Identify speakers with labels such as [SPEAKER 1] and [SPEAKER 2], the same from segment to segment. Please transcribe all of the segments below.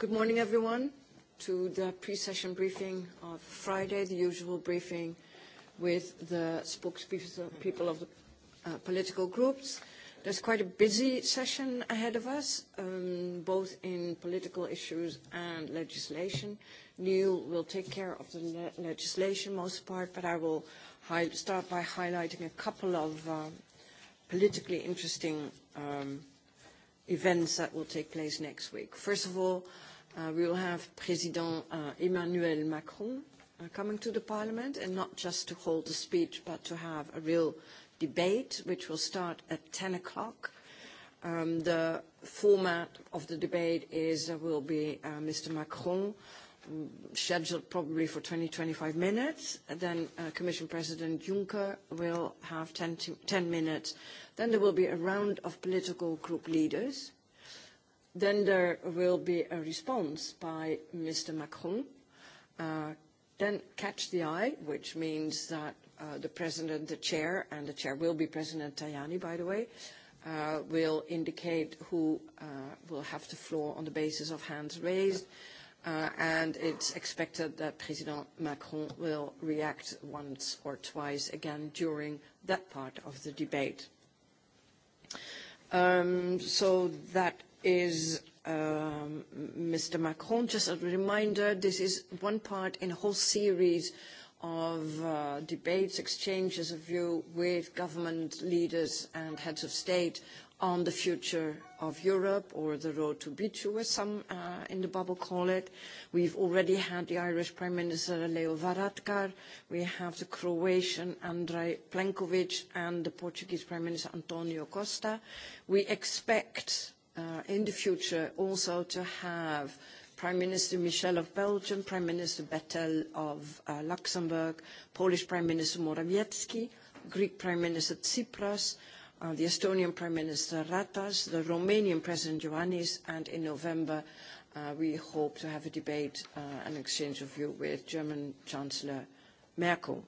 [SPEAKER 1] Good morning, everyone, to the pre-session briefing of Friday, the usual briefing with the spokespeople of the uh, political groups. There's quite a busy session ahead of us, um, both in political issues and legislation. Neil will take care of the le legislation most part, but I will start by highlighting a couple of politically interesting um, – events that will take place next week. First of all, uh, we will have President uh, Emmanuel Macron uh, coming to the Parliament, and not just to hold a speech, but to have a real debate, which will start at 10 o'clock. Um, the format of the debate is uh, will be uh, Mr. Macron scheduled probably for 20, 25 minutes. Then Commission President Juncker will have 10, 10 minutes. Then there will be a round of political group leaders. Then there will be a response by Mr. Macron. then catch the eye, which means that the President, the Chair, and the Chair will be President Tajani, by the way, will indicate who will have the floor on the basis of hands raised. Yeah and it's expected that President Macron will react once or twice again during that part of the debate. so that is Mr. Macron. Just a reminder, this is one part in a whole series of uh, debates, exchanges of view with government leaders and heads of state on the future of Europe or the road to Bichu, as some uh, in the bubble call it. We've already had the Irish Prime Minister Leo Varadkar. We have the Croatian Andrej Plenković and the Portuguese Prime Minister Antonio Costa. We expect uh, in the future also to have Prime Minister Michel of Belgium, Prime Minister Bettel of uh, Luxembourg, Polish Prime Minister Morawiecki, Greek Prime Minister Tsipras, the Estonian Prime Minister Ratas, the Romanian President Ioannis, and in November we hope to have a debate uh, and exchange of view with German Chancellor Merkel.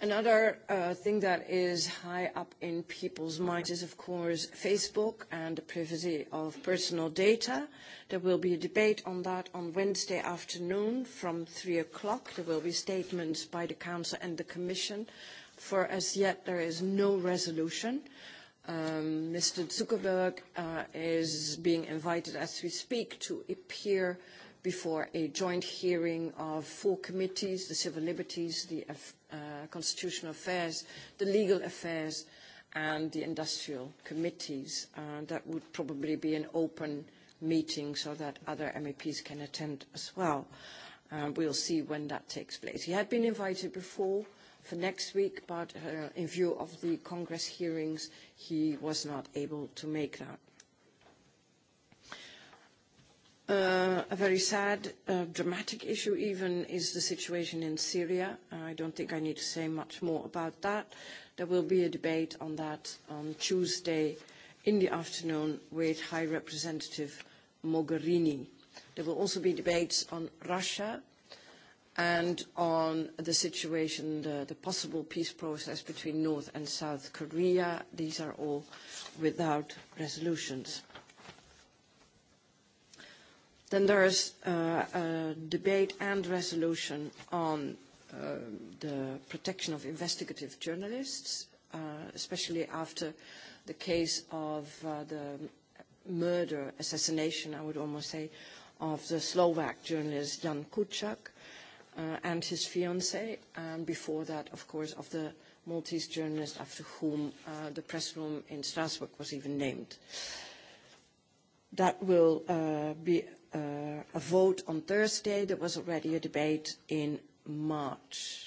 [SPEAKER 1] Another uh, thing that is high up in people's minds is, of course, Facebook and the privacy of personal data. There will be a debate on that on Wednesday afternoon from 3 o'clock. There will be statements by the Council and the Commission. Uh, For as yet, there is no resolution. Mr. Zuckerberg is being invited as we speak to appear before a joint hearing of four committees, the Civil Liberties, the Constitutional Affairs, the Legal Affairs, and the Industrial Committees. That would probably be an open meeting so that other MEPs can attend as well. We'll see when that takes place. He had been invited before for next week, but uh, in view of the Congress hearings, he was not able to make that. Uh, a very sad, uh, dramatic issue even is the situation in Syria. I don't think I need to say much more about that. There will be a debate on that on Tuesday in the afternoon with High Representative Mogherini. There will also be debates on Russia and on the situation, the, the possible peace process between North and South Korea. These are all without resolutions. Then there is uh, a debate and resolution on uh, the protection of investigative journalists, uh, especially after the case of uh, the murder, assassination, I would almost say, of the Slovak journalist Jan Uh, and his fiancée, and before that, of course, of the Maltese journalist after whom uh, the press room in Strasbourg was even named. That will uh, be uh, a vote on Thursday. There was already a debate in March.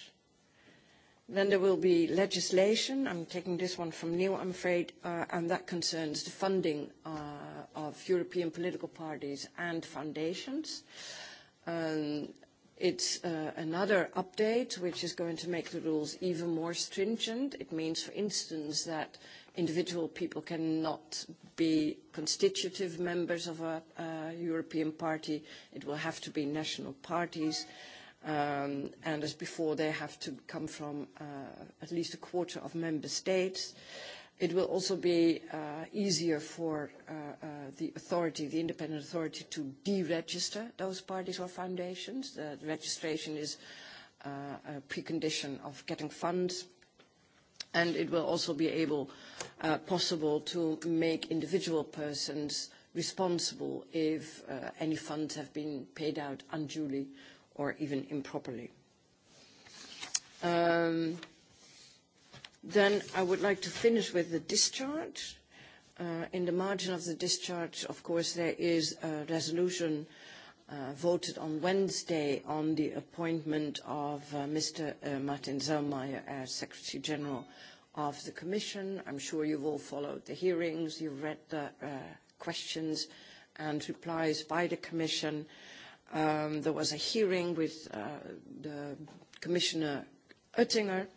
[SPEAKER 1] Then there will be legislation. I'm taking this one from Neil, I'm afraid, uh, and that concerns the funding uh, of European political parties and foundations. Um, It's another update which is going to make the rules even more stringent. It means, for instance, that individual people cannot be constitutive members of a European party. It will have to be national parties. and as before, they have to come from at least a quarter of member states. Uh, it will also be easier for the authority, the independent authority, to deregister those parties or foundations. The registration is a precondition of getting funds, and it will also be able, possible to make individual persons responsible if any funds have been paid out unduly or even improperly. Then I would like to finish with the discharge. In the margin of the discharge, of course, there is a resolution voted on Wednesday on the appointment of Mr. Martin Selmayr as Secretary General of the Commission. I'm sure you've all followed the hearings, you've read the questions and replies by the Commission. There was a hearing with the Commissioner Oettinger,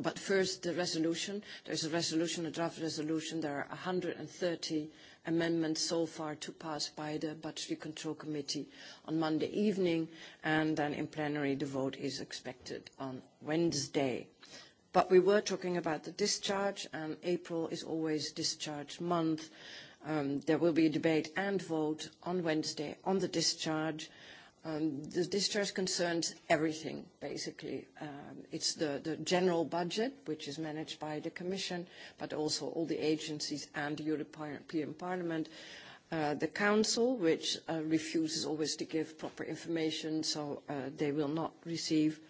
[SPEAKER 1] But first, the resolution. There's a resolution, a draft resolution. There are 130 amendments so far to pass by the Budgetary Control Committee on Monday evening, and then in plenary, the vote is expected on Wednesday. But we were talking about the discharge, and April is always discharge month. There will be a debate and vote on Wednesday on the discharge, the discharge concerns everything, basically. Um, it's the, the general budget, which is managed by the Commission, but also all the agencies and the European Parliament. Uh, the Council, which uh, refuses always to give proper information, so uh, they will not receive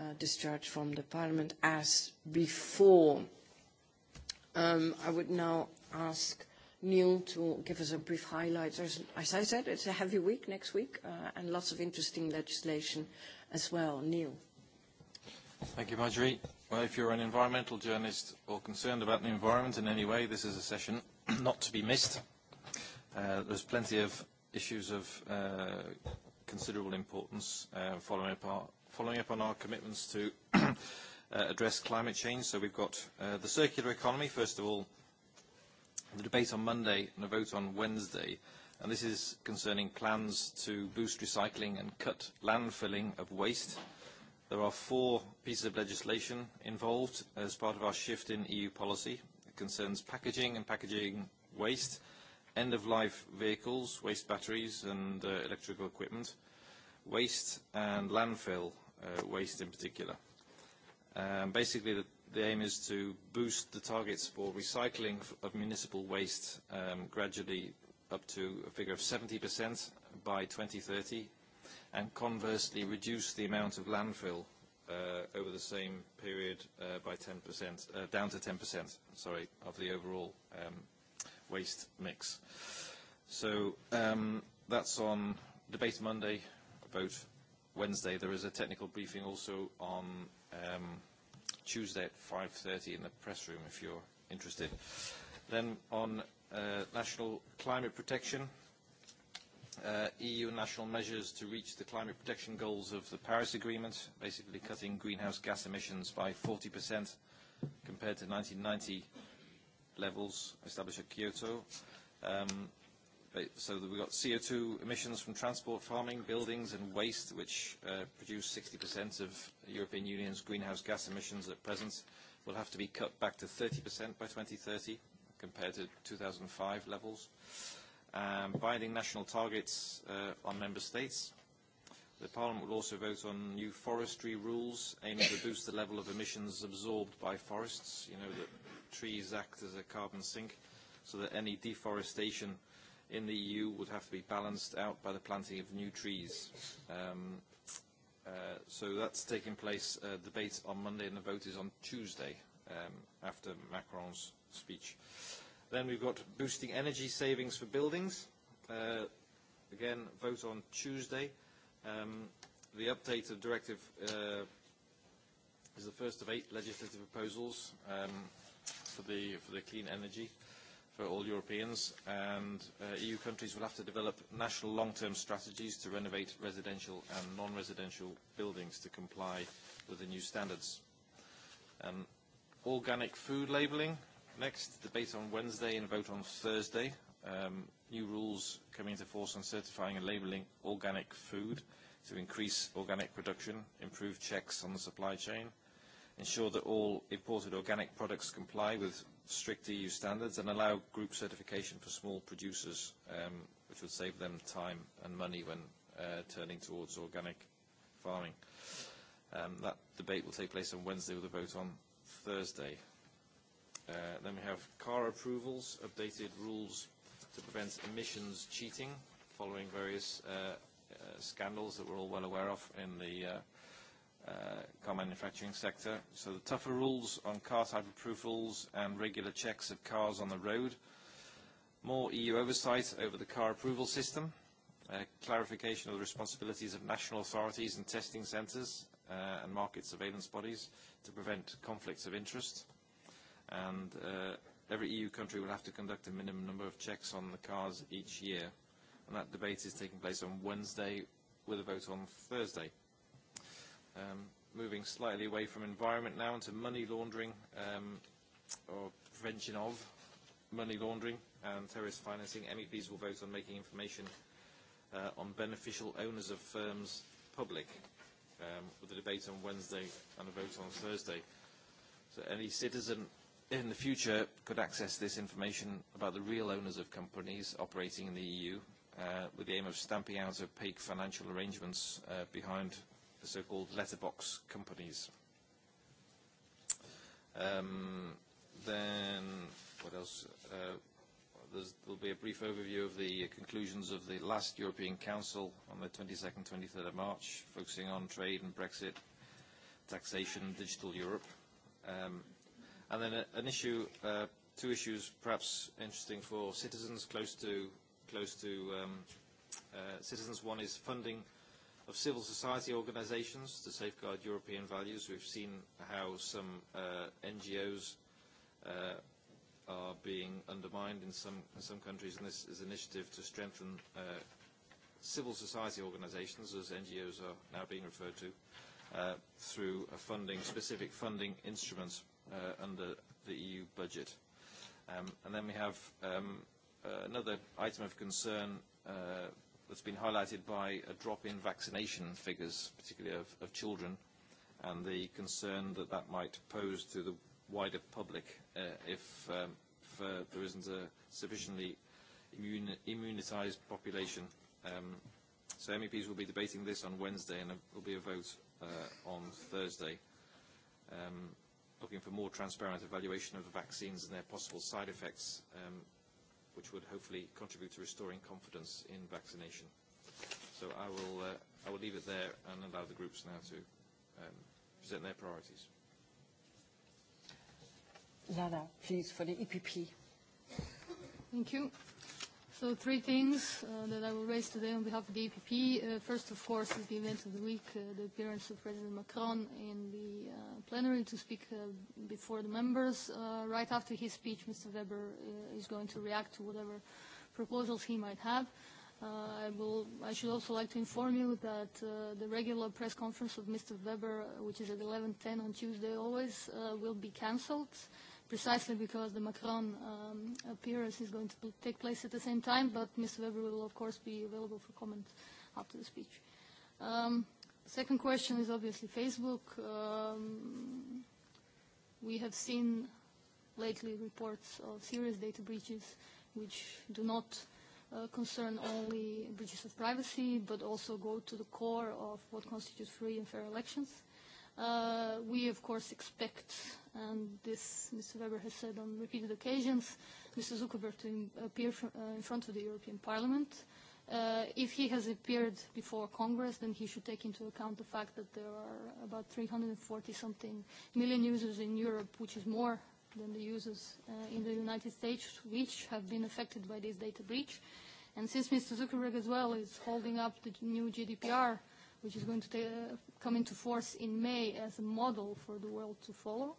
[SPEAKER 1] uh, discharge from the Parliament as before. Um, I would now ask uh, Neil to give us a brief highlight. As I said, it's a heavy week next week, and lots of interesting legislation as well. Neil.
[SPEAKER 2] Thank you, Marjorie. Well, if you're an environmental journalist or concerned about the environment in any way, this is a session not to be missed. there's plenty of issues of considerable importance following, up on our commitments to address climate change. So we've got the circular economy, first of all, the debate on Monday and a vote on Wednesday, and this is concerning plans to boost recycling and cut landfilling of waste. There are four pieces of legislation involved as part of our shift in EU policy. It concerns packaging and packaging waste, end-of-life vehicles, waste batteries and uh, electrical equipment, waste and landfill uh, waste in particular. Um, basically, the, the aim is to boost the targets for recycling of municipal waste um, gradually up to a figure of 70% by 2030, and conversely reduce the amount of landfill uh, over the same period uh, by 10%, uh, down to 10%, sorry, of the overall um, waste mix. So um, that's on debate Monday, vote Wednesday. There is a technical briefing also on um, Tuesday at 5.30 in the press room if you're interested. Then on uh, national climate protection, uh, EU national measures to reach the climate protection goals of the Paris Agreement, basically cutting greenhouse gas emissions by 40% compared to 1990 levels established at Kyoto. Um, So that we've got CO2 emissions from transport, farming, buildings and waste, which uh, produce 60% of the European Union's greenhouse gas emissions at present, will have to be cut back to 30% by 2030 compared to 2005 levels. Um, binding national targets uh, on member states. The Parliament will also vote on new forestry rules aiming to boost the level of emissions absorbed by forests. You know that trees act as a carbon sink, so that any deforestation in the EU would have to be balanced out by the planting of new trees. Um, uh, so that's taking place, uh, debate on Monday and the vote is on Tuesday um, after Macron's speech. Then we've got boosting energy savings for buildings. Uh, again, vote on Tuesday. Um, the update of directive uh, is the first of eight legislative proposals um, for, the, for the clean energy for all Europeans, and uh, EU countries will have to develop national long-term strategies to renovate residential and non-residential buildings to comply with the new standards. Um, organic food labelling, next, debate on Wednesday and vote on Thursday. Um, new rules coming into force on certifying and labelling organic food to increase organic production, improve checks on the supply chain, ensure that all imported organic products comply with strict EU standards and allow group certification for small producers, um, which would save them time and money when uh, turning towards organic farming. Um, that debate will take place on Wednesday with a vote on Thursday. Uh, then we have car approvals, updated rules to prevent emissions cheating following various uh, uh, scandals that we're all well aware of in the uh, car manufacturing sector. So the tougher rules on car type approvals and regular checks of cars on the road. More EU oversight over the car approval system. Uh, clarification of the responsibilities of national authorities and testing centres uh, and market surveillance bodies to prevent conflicts of interest. And uh, every EU country will have to conduct a minimum number of checks on the cars each year. And that debate is taking place on Wednesday with a vote on Thursday. Um, moving slightly away from environment now into money laundering um, or prevention of money laundering and terrorist financing. MEPs will vote on making information uh, on beneficial owners of firms public um, with a debate on Wednesday and a vote on Thursday. So any citizen in the future could access this information about the real owners of companies operating in the EU uh, with the aim of stamping out opaque financial arrangements uh, behind the so-called letterbox companies. Um, then, what else? Uh, there's, there'll be a brief overview of the conclusions of the last European Council on the 22nd, 23rd of March, focusing on trade and Brexit, taxation, and digital Europe. Um, and then a, an issue, uh, two issues perhaps interesting for citizens close to, close to um, uh, citizens. One is funding – of civil society organisations to safeguard European values. We've seen how some uh, NGOs uh, are being undermined in some, in some countries, and this is an initiative to strengthen uh, civil society organisations, as NGOs are now being referred to, uh, through a funding, specific funding instruments uh, under the EU budget. Um, and then we have um, uh, another item of concern uh, that's been highlighted by a drop in vaccination figures, particularly of, of children, and the concern that that might pose to the wider public uh, if, um, if uh, there isn't a sufficiently immune, immunitised population. Um, so MEPs will be debating this on Wednesday and there will be a vote uh, on Thursday, um, looking for more transparent evaluation of the vaccines and their possible side effects um, which would hopefully contribute to restoring confidence in vaccination. So I will, uh, I will leave it there and allow the groups now to um, present their
[SPEAKER 1] priorities. Lada, please, for the EPP.
[SPEAKER 3] Thank you. So three things uh, that I will raise today on behalf of the EPP. Uh, first, of course, is the event of the week, uh, the appearance of President Macron in the uh, plenary to speak uh, before the members. Uh, right after his speech, Mr. Weber uh, is going to react to whatever proposals he might have. Uh, I, will, I should also like to inform you that uh, the regular press conference of Mr. Weber, which is at 11.10 on Tuesday always, uh, will be cancelled. Uh, precisely because the Macron um, appearance is going to take place at the same time, but Mr. Weber will, of course, be available for comment after the speech. Um, second question is obviously Facebook. Um, we have seen lately reports of serious data breaches which do not uh, concern only breaches of privacy, but also go to the core of what constitutes free and fair elections. Uh, we, of course, expect, and this Mr. Weber has said on repeated occasions, Mr. Zuckerberg to appear fr uh, in front of the European Parliament. Uh, if he has appeared before Congress, then he should take into account the fact that there are about 340-something million users in Europe, which is more than the users uh, in the United States, which have been affected by this data breach. And since Mr. Zuckerberg as well is holding up the new GDPR which is going to take, uh, come into force in May as a model for the world to follow.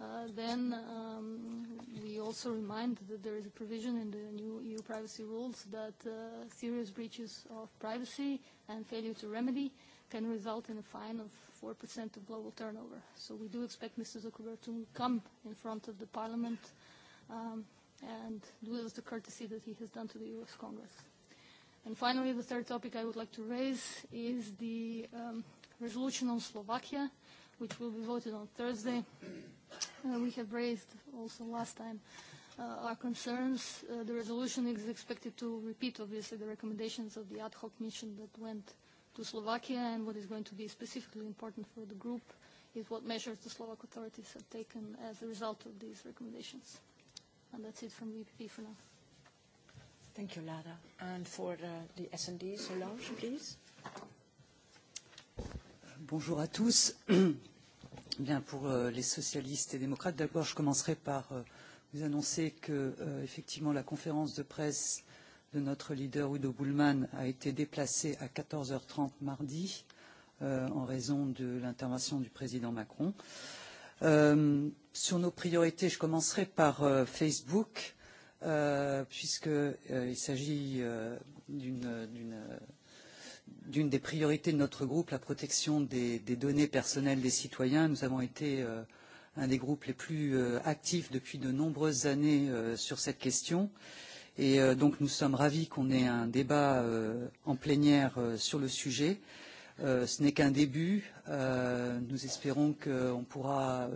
[SPEAKER 3] Uh, then um, we also remind that there is a provision in the new EU privacy rules that uh, serious breaches of privacy and failure to remedy can result in a fine of 4% of global turnover. So we do expect Mr. Zuckerberg to come in front of the parliament um, and do us the courtesy that he has done to the U.S. Congress. And finally, the third topic I would like to raise is the um, resolution on Slovakia, which will be voted on Thursday. Uh, we have raised also last time uh, our concerns. Uh, the resolution is expected to repeat, obviously, the recommendations of the ad hoc mission that went to Slovakia and what is going to be specifically important for the group is what measures the Slovak authorities have taken as a result of these recommendations. And that's it from VPP for now.
[SPEAKER 1] Thank you, Lara. And for the S&D, Solange, please.
[SPEAKER 4] Bonjour à tous. Bien, pour les socialistes et démocrates, d'abord, je commencerai par vous annoncer que, effectivement, la conférence de presse de notre leader Udo Bullman a été déplacée à 14h30 mardi en raison de l'intervention du président Macron. sur nos priorités, je commencerai par Facebook puisqu'il s'agit d'une des priorités de notre groupe, la protection des, données personnelles des citoyens. Nous avons été un des groupes les plus actifs depuis de nombreuses années sur cette question. Et donc nous sommes ravis qu'on ait un débat en plénière sur le sujet. ce n'est qu'un début. nous espérons qu'on pourra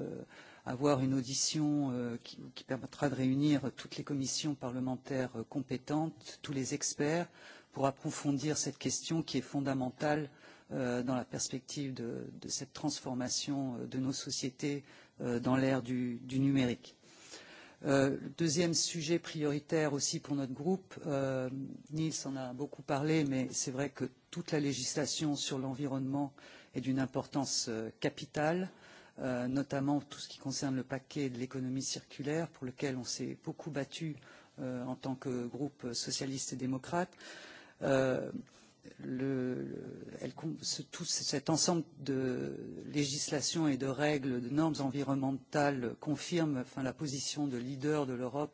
[SPEAKER 4] avoir une audition qui, qui permettra de réunir toutes les commissions parlementaires compétentes, tous les experts, pour approfondir cette question qui est fondamentale dans la perspective de, de cette transformation de nos sociétés dans l'ère du, du numérique. Le deuxième sujet prioritaire aussi pour notre groupe, Niels en a beaucoup parlé, mais c'est vrai que toute la législation sur l'environnement est d'une importance capitale. Euh, notamment tout ce qui concerne le paquet de l'économie circulaire, pour lequel on s'est beaucoup battu en tant que groupe socialiste et démocrate. tout cet ensemble de législations et de règles, de normes environnementales confirme la position de leader de l'Europe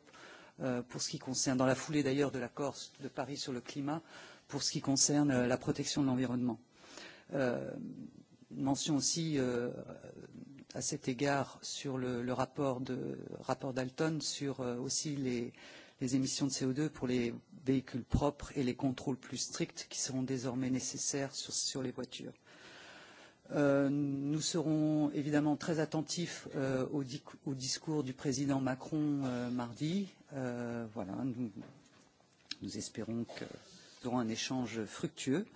[SPEAKER 4] pour ce qui concerne, dans la foulée d'ailleurs de l'accord de Paris sur le climat, pour ce qui concerne la protection de l'environnement. mention aussi à cet égard sur le, le rapport, de, rapport d'Alton sur euh, aussi les, les émissions de CO2 pour les véhicules propres et les contrôles plus stricts qui seront désormais nécessaires sur, sur les voitures. Euh, nous serons évidemment très attentifs euh, au, di au discours du président Macron euh, mardi. Euh, voilà, nous, nous espérons que nous aurons un échange fructueux. Euh,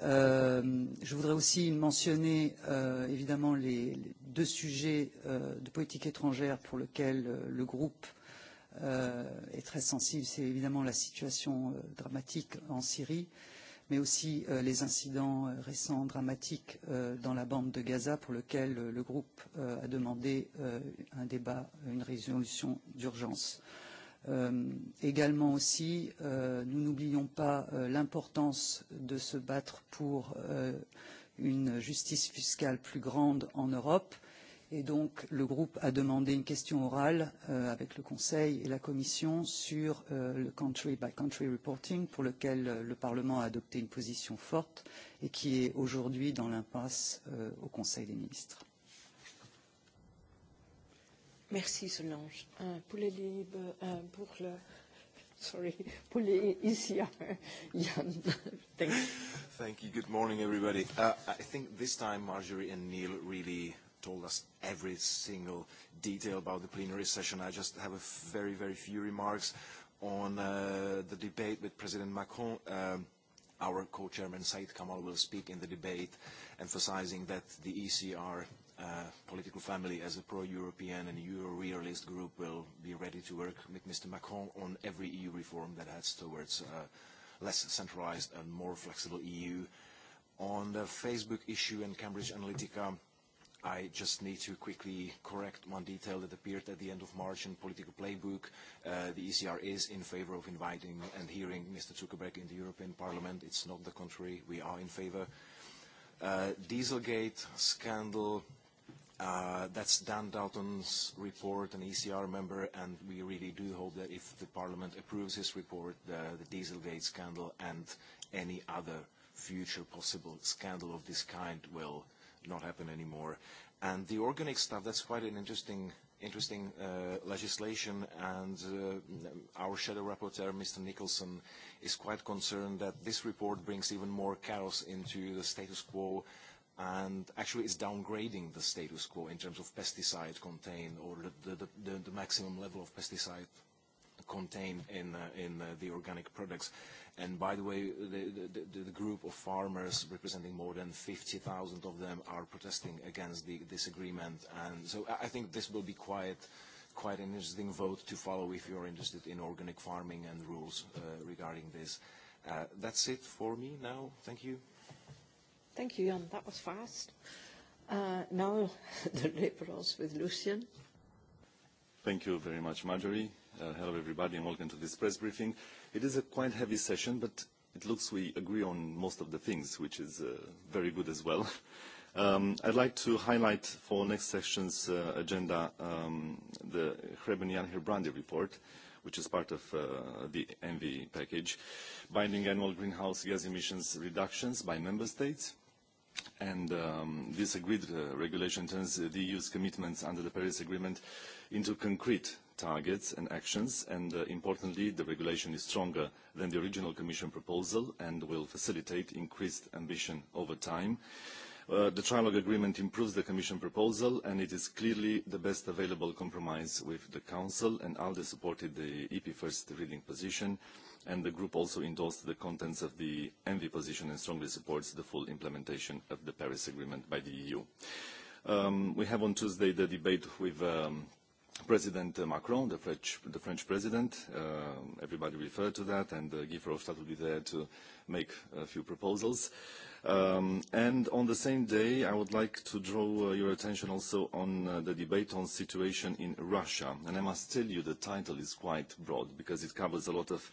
[SPEAKER 4] je voudrais aussi mentionner évidemment les, deux sujets de politique étrangère pour lesquels le groupe est très sensible. C'est évidemment la situation dramatique en Syrie, mais aussi les incidents récents dramatiques dans la bande de Gaza pour lesquels le groupe a demandé un débat, une résolution d'urgence. Euh, également aussi, nous n'oublions pas l'importance de se battre pour une justice fiscale plus grande en Europe. Et donc, le groupe a demandé une question orale avec le Conseil et la Commission sur le country-by-country reporting, pour lequel le Parlement a adopté une position forte et qui est aujourd'hui dans l'impasse au Conseil des ministres.
[SPEAKER 1] Merci Solange. Euh, pour les libres, euh, pour le. Sorry, pour les Thank you.
[SPEAKER 5] Thank you. Good morning, everybody. Uh, I think this time Marjorie and Neil really told us every single detail about the plenary session. I just have a very, very few remarks on uh, the debate with President Macron. Um, our co-chairman Said Kamal will speak in the debate, emphasizing that the ECR political family as a pro-European and Euro-realist group will be ready to work with Mr. Macron on every EU reform that heads towards a less centralized and more flexible EU. On the Facebook issue and Cambridge Analytica, I just need to quickly correct one detail that appeared at the end of March in Political Playbook. the ECR is in favor of inviting and hearing Mr. Zuckerberg in the European Parliament. It's not the contrary. We are in favor. Dieselgate scandal, Uh, that's Dan Dalton's report, an ECR member, and we really do hope that if the Parliament approves his report, the, the Dieselgate scandal and any other future possible scandal of this kind will not happen anymore. And the organic stuff, that's quite an interesting interesting uh, legislation, and uh, our shadow rapporteur, Mr. Nicholson, is quite concerned that this report brings even more chaos into the status quo and actually it's downgrading the status quo in terms of pesticide contained or the, the, the, the maximum level of pesticide contained in, uh, in uh, the organic products. And by the way, the, the, the group of farmers representing more than 50,000 of them are protesting against the, this agreement. And so I think this will be quite, quite an interesting vote to follow if you're interested in organic farming and rules uh, regarding this. Uh, that's it for me now. Thank you.
[SPEAKER 1] Thank you, Jan. That was fast. Uh, now the liberals with Lucien.
[SPEAKER 6] Thank you very much, Marjorie. Uh, hello, everybody, and welcome to this press briefing. It is a quite heavy session, but it looks we agree on most of the things, which is uh, very good as well. Um, I'd like to highlight for next session's uh, agenda um, the Hrebenian Herbrandi report, which is part of uh, the ENVI package, binding annual greenhouse gas emissions reductions by member states, and um, this agreed uh, regulation turns the EU's commitments under the Paris Agreement into concrete targets and actions, and uh, importantly, the regulation is stronger than the original Commission proposal and will facilitate increased ambition over time the trilogue agreement improves the Commission proposal and it is clearly the best available compromise with the Council and ALDE supported the EP first reading position and the group also endorsed the contents of the ENVI position and strongly supports the full implementation of the Paris Agreement by the EU. we have on Tuesday the debate with um, President Macron, the French, the French president, uh, everybody referred to that, and uh, Guy Verhofstadt will be there to make a few proposals. Um, and on the same day, I would like to draw uh, your attention also on uh, the debate on situation in Russia. And I must tell you the title is quite broad because it covers a lot of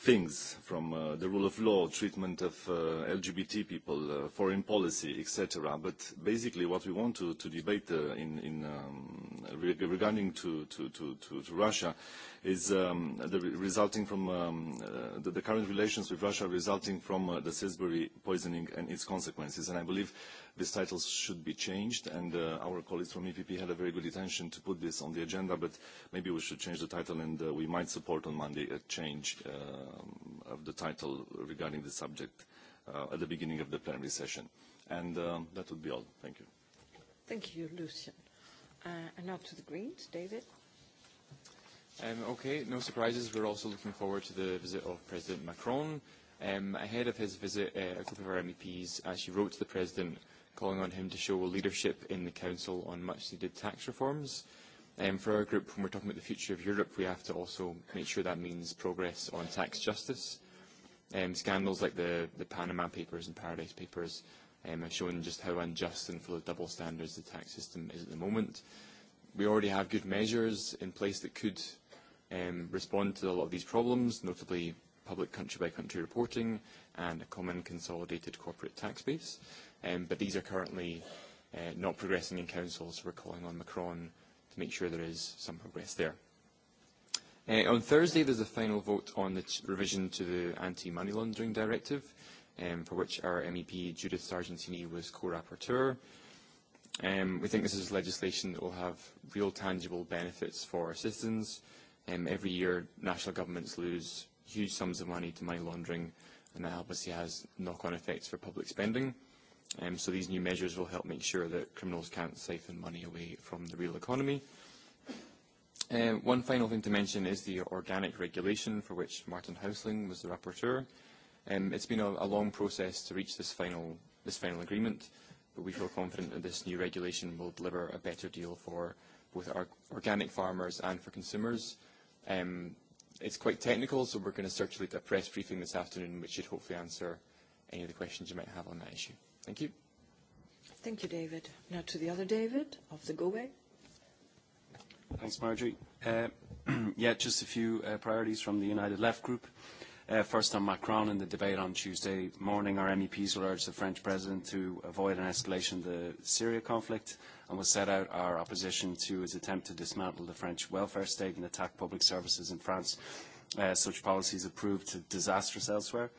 [SPEAKER 6] things from uh, the rule of law, treatment of uh, LGBT people, uh, foreign policy, etc. But basically what we want to, to debate uh, in, in, um, regarding to, to, to, to, to Russia is um, the resulting from um, uh, the, the current relations with Russia resulting from uh, the Salisbury poisoning and its consequences. And I believe these titles should be changed, and uh, our colleagues from EPP had a very good intention to put this on the agenda, but maybe we should change the title, and uh, we might support on Monday a change uh, of the title regarding the subject uh, at the beginning of the plenary session. And um, that would be all. Thank you.
[SPEAKER 4] Thank you,
[SPEAKER 1] Lucien. Uh, and now to the Greens, David.
[SPEAKER 6] Um, okay, no
[SPEAKER 7] surprises. We're also looking forward to the visit of President Macron. Um, ahead of his visit, uh, a group of our MEPs actually wrote to the President calling on him to show leadership in the Council on much-needed tax reforms. Um, for our group, when we're talking about the future of Europe, we have to also make sure that means progress on tax justice. Um, scandals like the, the Panama Papers and Paradise Papers um, have shown just how unjust and full of double standards the tax system is at the moment. We already have good measures in place that could um, respond to a lot of these problems, notably public country-by-country reporting and a common consolidated corporate tax base. Um, but these are currently uh, not progressing in Council, so we're calling on Macron to make sure there is some progress there. Uh, on Thursday, there's a final vote on the revision to the Anti-Money Laundering Directive, um, for which our MEP Judith Sargentini was co-rapporteur. Um, we think this is legislation that will have real tangible benefits for our citizens, Um, every year, national governments lose huge sums of money to money laundering, and that obviously has knock-on effects for public spending. Um, so these new measures will help make sure that criminals can't siphon money away from the real economy. Um, one final thing to mention is the organic regulation for which Martin Hausling was the rapporteur. Um, it's been a, a long process to reach this final, this final agreement, but we feel confident that this new regulation will deliver a better deal for both our organic farmers and for consumers Um, it's quite technical, so we're going to circulate a press briefing this afternoon, which should hopefully answer any of the questions you might have on that issue. Thank you.
[SPEAKER 1] Thank you, David. Now to the other David of the GoWay.
[SPEAKER 7] Thanks, Marjorie. Uh, yeah, just a few uh,
[SPEAKER 8] priorities from the United Left Group. First on Macron in the debate on Tuesday morning, our MEPs will urge the French president to avoid an escalation of the Syria conflict and will set out our opposition to his attempt to dismantle the French welfare state and attack public services in France. Such policies have proved disastrous elsewhere.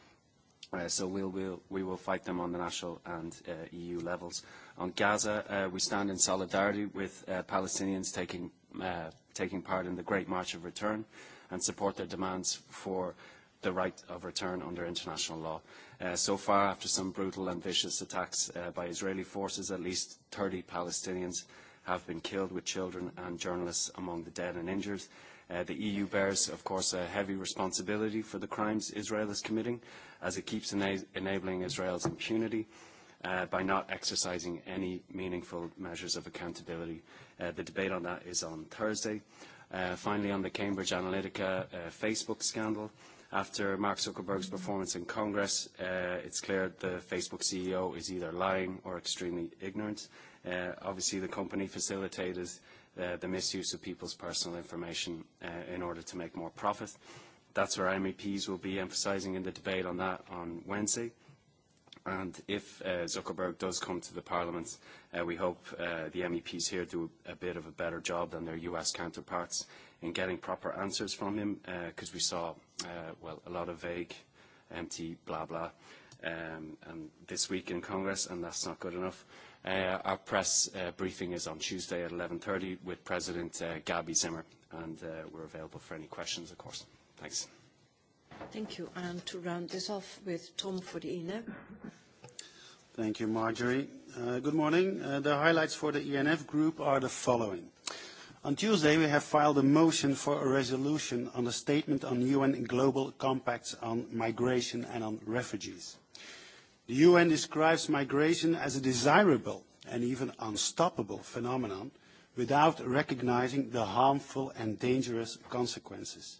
[SPEAKER 8] So we will fight them on the national and EU levels. On Gaza, we stand in solidarity with Palestinians taking part in the Great March of Return and support their demands for the right of return under international law. Uh, so far, after some brutal and vicious attacks uh, by Israeli forces, at least 30 Palestinians have been killed, with children and journalists among the dead and injured. Uh, the EU bears, of course, a heavy responsibility for the crimes Israel is committing, as it keeps ena- enabling Israel's impunity uh, by not exercising any meaningful measures of accountability. Uh, the debate on that is on Thursday. Uh, finally, on the Cambridge Analytica uh, Facebook scandal, uh, After Mark Zuckerberg's performance in Congress, it's clear the Facebook CEO is either lying or extremely ignorant. Obviously, the company facilitated the misuse of people's personal information in order to make more profit. That's where MEPs will be emphasizing in the debate on that on Wednesday. And if Zuckerberg does come to the Parliament, we hope the MEPs here do a bit of a better job than their US counterparts in getting proper answers from him, because we saw uh, well, a lot of vague, empty blah blah. Um, and this week in Congress, and that's not good enough. Uh, our press uh, briefing is on Tuesday at 11.30 with President uh, Gabby Zimmer, and uh, we're available for any questions, of course.
[SPEAKER 9] Thanks.
[SPEAKER 1] Thank you. And to round this off with Tom Fodine.
[SPEAKER 9] Thank you, Marjorie. Uh, good morning. Uh, the highlights for the ENF group are the following. Uh, On Tuesday, we have filed a motion for a resolution on a statement on UN global compacts on migration and on refugees. The UN describes migration as a desirable and even unstoppable phenomenon without recognizing the harmful and dangerous consequences.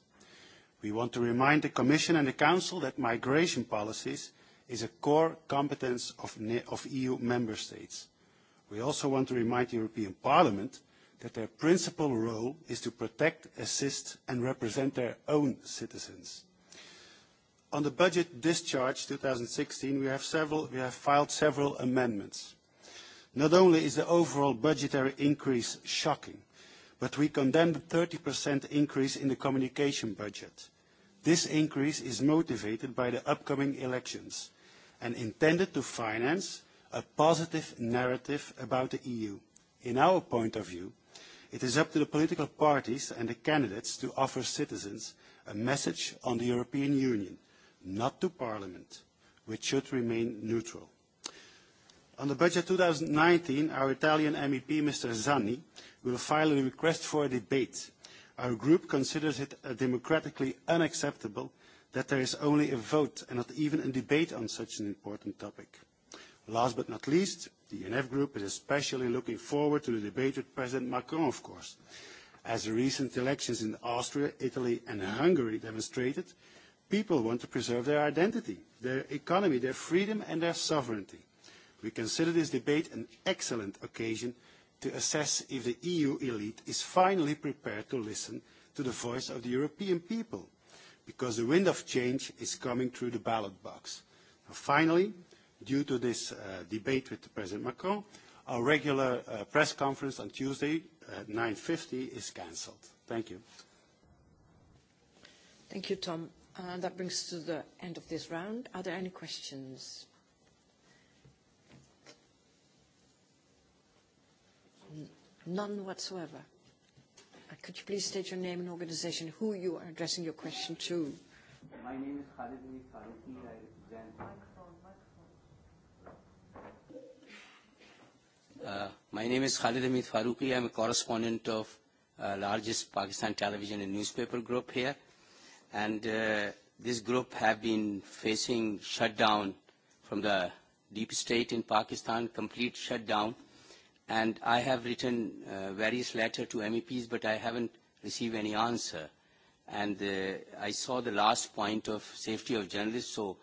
[SPEAKER 9] We want to remind the Commission and the Council that migration policies is a core competence of EU member states. We also want to remind the European Parliament that their principal role is to protect, assist and represent their own citizens. On the budget discharge 2016, we have, several, we have filed several amendments. Not only is the overall budgetary increase shocking, but we condemn the 30% increase in the communication budget. This increase is motivated by the upcoming elections and intended to finance a positive narrative about the EU. In our point of view, It is up to the political parties and the candidates to offer citizens a message on the European Union, not to Parliament, which should remain neutral. On the budget 2019, our Italian MEP, Mr. Zanni, will file a request for a debate. Our group considers it democratically unacceptable that there is only a vote and not even a debate on such an important topic. Last but not least, The ENF Group is especially looking forward to the debate with President Macron, of course. As the recent elections in Austria, Italy and Hungary demonstrated, people want to preserve their identity, their economy, their freedom and their sovereignty. We consider this debate an excellent occasion to assess if the EU elite is finally prepared to listen to the voice of the European people, because the wind of change is coming through the ballot box. Finally, due to this uh, debate with President Macron, our regular uh, press conference on Tuesday at 9.50 is cancelled. Thank you.
[SPEAKER 1] Thank you, Tom. Uh, that brings us to the end of this round. Are there any questions? None whatsoever. Could you please state your name and organization, who you are addressing your question to?
[SPEAKER 8] My name is Khalid Faruqi. I represent my name is Khalid Amit Faruqi. I'm a correspondent of uh, largest Pakistan television and newspaper group here. And uh, this group have been facing shutdown from the deep state in Pakistan, complete shutdown. And I have written uh, various letters to MEPs, but I haven't received any answer. And uh, I saw the last point of safety of journalists, so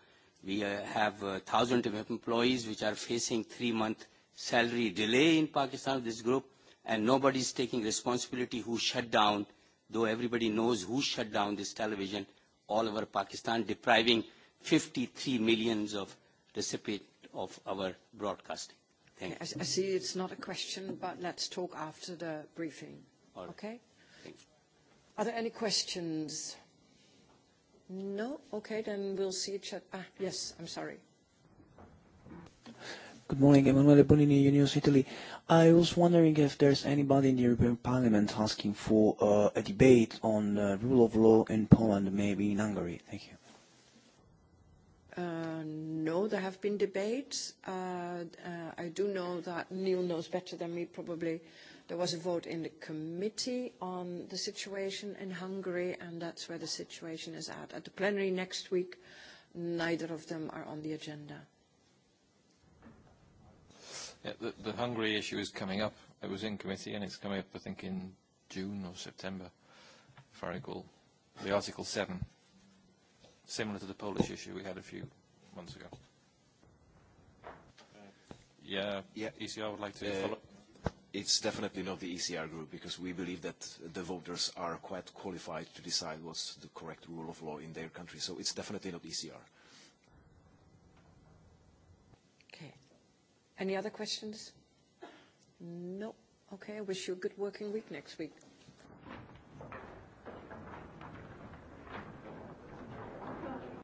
[SPEAKER 8] we uh, have uh, thousands of employees which are facing three-month salary delay in Pakistan, this group, and nobody is taking responsibility who shut down, though everybody knows who shut down this television all over Pakistan, depriving 53 millions of recipient of our broadcasting. Thank you. I
[SPEAKER 1] see it's not a question, but let's talk after the briefing. right. Okay? Thank you. Are there any questions? No? Okay, then we'll see each other. Ah, yes, I'm sorry.
[SPEAKER 8] Good morning, Emanuele Bonini, Unius Italy. I was wondering if there's anybody in the European Parliament asking for uh, a debate on uh, rule of law in Poland, maybe in Hungary. Thank
[SPEAKER 1] you. Uh, no, there have been debates. Uh, uh, I do know that Neil knows better than me probably. There was a vote in the committee on the situation in Hungary, and that's where the situation is at. At the plenary next week, neither of them are on the agenda
[SPEAKER 2] the, the Hungary issue is coming up. It was in committee and it's coming up, I think, in June or September, if I recall. The Article 7, similar to the Polish issue we had a few months ago.
[SPEAKER 5] Yeah, yeah. ECR would like to follow. It's definitely not the ECR group because we believe that the voters are quite qualified to decide what's the correct rule of law in their country. So it's definitely not ECR.
[SPEAKER 1] Any other questions? No. Okay. I wish you a good working week next week.